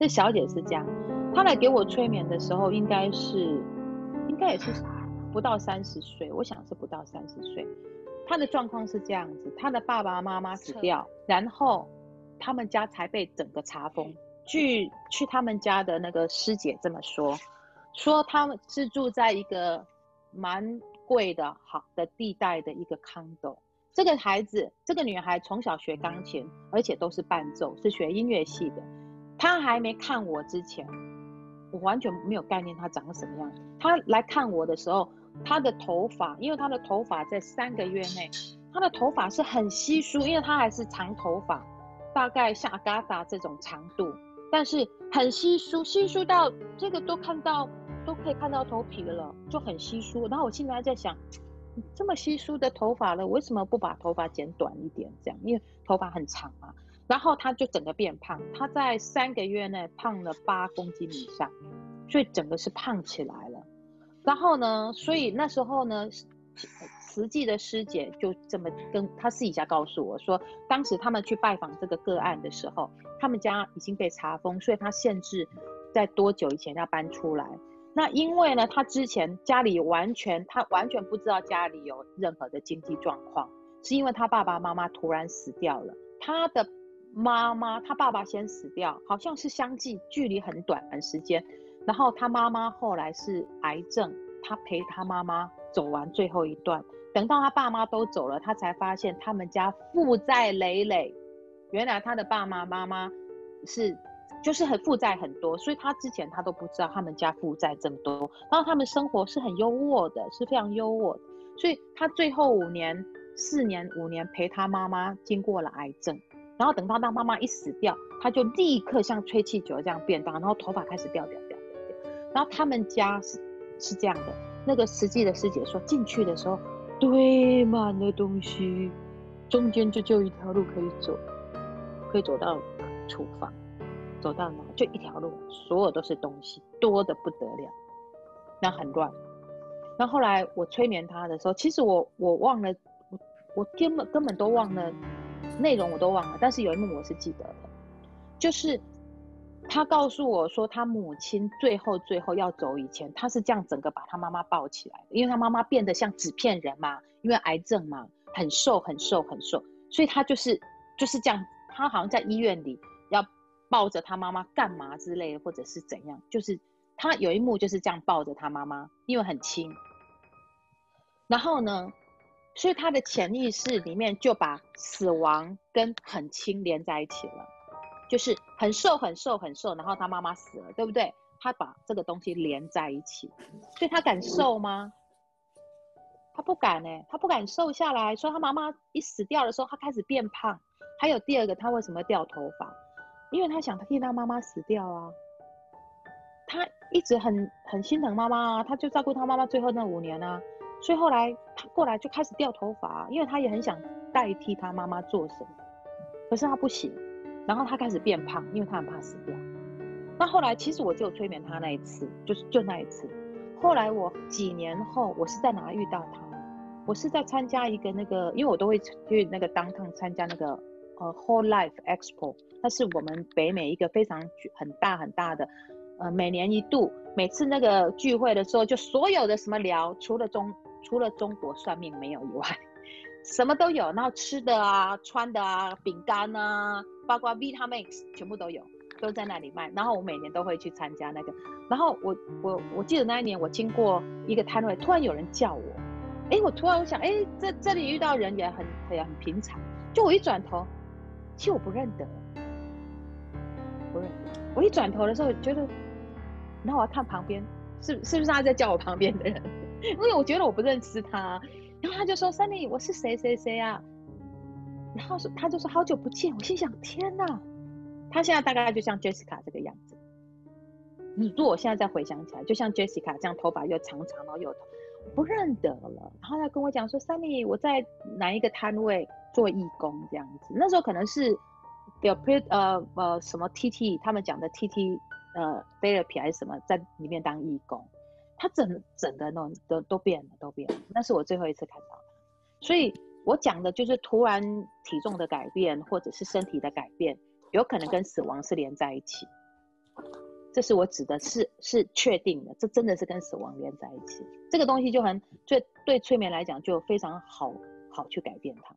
這小姐是這樣，她來給我催眠的時候，應該是，應該也是不到三十歲，我想是不到三十歲。她的狀況是這樣子，她的爸爸媽媽死掉，然後他們家才被整個查封。據去他們家的那個師姐這麼說，說他們是住在一個蠻貴的好的地帶的一個 condo。這個孩子，這個女孩從小學鋼琴，而且都是伴奏，是學音樂系的。他還沒看我之前，我完全沒有概念他長什麼樣子。他來看我的時候，他的頭髮，因為他的頭髮在三個月內，他的頭髮是很稀疏，因為他還是長頭髮，大概像嘎達這種長度，但是很稀疏，稀疏到這個都看到，都可以看到頭皮了，就很稀疏。然後我現在在想，這麼稀疏的頭髮了，為什麼不把頭髮剪短一點？這樣，因為頭髮很長嘛。然後他就整個變胖，他在三個月內胖了八公斤以上，所以整個是胖起來了。然後呢，所以那時候呢，慈濟的師姐就這麼跟他私底下告訴我說，當時他們去拜訪這個個案的時候，他們家已經被查封，所以他限制在多久以前要搬出來。那因為呢，他之前家裡完全他完全不知道家裡有任何的經濟狀況，是因為他爸爸媽媽突然死掉了，他的。媽媽，他爸爸先死掉，好像是相繼，距離很短的時間。然後他媽媽後來是癌症，他陪他媽媽走完最後一段。等到他爸媽都走了，他才發現他們家負債累累。原來他的爸爸媽媽，媽媽是就是很負債很多，所以他之前他都不知道他們家負債這麼多。然後他們生活是很優渥的，是非常優渥的。所以他最後五年、四年、五年陪他媽媽經過了癌症。然後等到那媽媽一死掉，他就立刻像吹氣球這樣變大，然後頭髮開始掉掉掉掉。然後他們家是是這樣的，那個實際的師姐說，進去的時候堆滿了東西，中間就就一條路可以走，可以走到廚房，走到哪就一條路，所有都是東西，多得不得了，那很亂。那後，後來我催眠他的時候，其實我我忘了我，我根本根本都忘了。內容我都忘了，但是有一幕我是記得的，就是他告訴我說，他母親最後最後要走以前，他是這樣整個把他媽媽抱起來，因為他媽媽變得像紙片人嘛，因為癌症嘛，很瘦很瘦很瘦，很瘦，所以他就是就是這樣，他好像在醫院裡要抱着他媽媽幹嘛之類的，或者是怎樣，就是他有一幕就是這樣抱着他媽媽，因為很輕，然後呢，所以他的潛意識裡面就把死亡跟很輕連在一起了，就是很瘦很瘦很瘦，然後他媽媽死了，對不對？他把這個東西連在一起，所以他敢瘦嗎？他不敢誒、欸、他不敢瘦下來，所以他媽媽一死掉的時候，他開始變胖。還有第二個，他為什麼掉頭髮？因為他想替他媽媽死掉啊，他一直很很心疼媽媽啊，他就照顧他媽媽最後那五年啊。所以後來他過來就開始掉頭髮，因為他也很想代替他媽媽做什麼，可是他不行。然後他開始變胖，因為他很怕死掉。那後來其實我就催眠他那一次，就是就那一次。後來我幾年後，我是在哪遇到他？我是在參加一個那個，因為我都會去那個 downtown 參加那個呃 Whole Life Expo，那是我們北美一個非常很大很大的呃每年一度，每次那個聚會的時候就所有的什麼聊，除了中。除了中國算命沒有以外，什麼都有。然後吃的啊、穿的啊、餅乾啊，包括 Vitamix 全部都有，都在那裡賣。然後我每年都會去參加那個。然後我我我記得那一年我經過一個攤位，突然有人叫我，哎、欸，我突然我想，哎、欸，這這裡遇到人也很很很平常。就我一轉頭，其實我不認得，不認得。我一轉頭的時候覺得，然後我要看旁邊，是是不是他在叫我旁邊的人？因為我覺得我不認識他，然後他就說：“Sunny，我是誰誰誰啊？”然後說，他就說：“好久不見。”我心想：“天哪！”他現在大概就像 Jessica 這個樣子。如果我現在再回想起來，就像 Jessica 這樣，頭髮又長長然後又我不認得了。然後他跟我講說：“Sunny，我在哪一個攤位做義工這樣子？”那時候可能是 the pre 呃呃什麼 TT 他們講的 TT 呃 therapy 還是什麼，在裡面當義工。他整整個弄都都，都變了，都變了。那是我最後一次看到他，所以我講的就是突然體重的改變，或者是身體的改變，有可能跟死亡是連在一起。這是我指的是是確定的，這真的是跟死亡連在一起。這個東西就很，就對催眠來講就非常好好去改變它。